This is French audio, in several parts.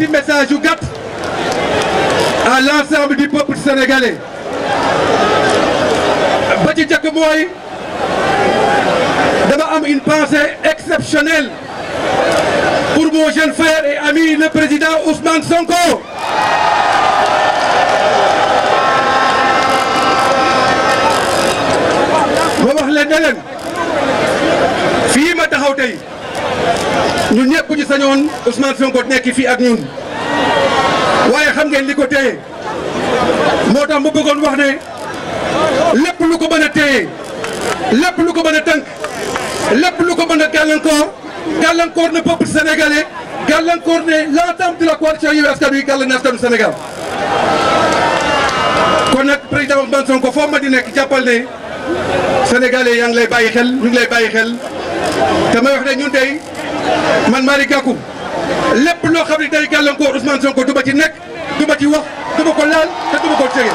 Je message à l'ensemble du peuple sénégalais Petit ci njëkk une pensée exceptionnelle pour mon jeune frère et ami le président Ousmane Sonko ne fii ma taxaw tey ñun ñëpp ñu sañoon Ousmane Sonko nekk fii ak ñun waaye xam ngeen li ko téye moo tax mu bëggoon wax ne lépp lu ko mën a téye lépp lu ko mën tënk lépp lu ko mën a gàllankoor gàllankoor na peuple sénégalais gàllankoor ne l'entente de la coalition Yewwi Askan Wi gàllan askanu Sénégal kon nag président Ousmane Sonko foo ma di nekk jàppal ne. sénégalais yaa ngi lay bàyyi xel ñu ngi bàyyi xel te may wax ne ñun tey man Malick Gakou lépp loo xam ne day gàllankoor Ousmane Sonko du ma ci nekk du ma ci wax du ko laal te du ko jege.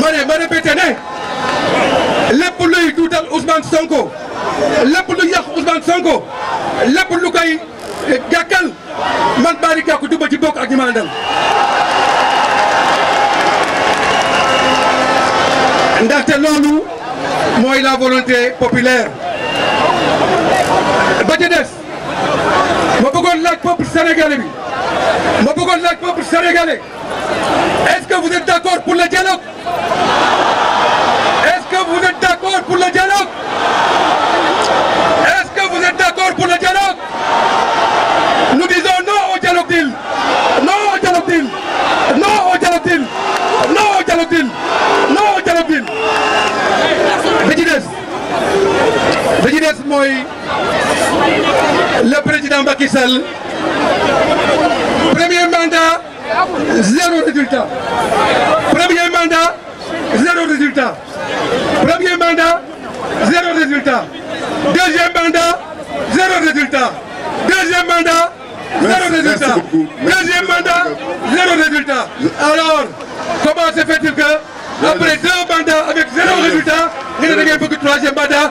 ma ne ma répété ne lépp luy tuutal Ousmane Sonko lépp lu yàq Ousmane Sonko lépp lu koy. ak moi tel a la volonté populaire ba des ma bëggoon le peuple sénégalais ma le peuple sénégalais est-ce que vous êtes d'accord pour le dialogue Moi, le président Bakissal. premier mandat zéro résultat premier mandat zéro résultat premier mandat zéro résultat deuxième mandat zéro résultat deuxième mandat zéro résultat deuxième mandat zéro résultat alors comment se fait-il que après deux mandats avec zéro résultat il ne a pour de troisième mandat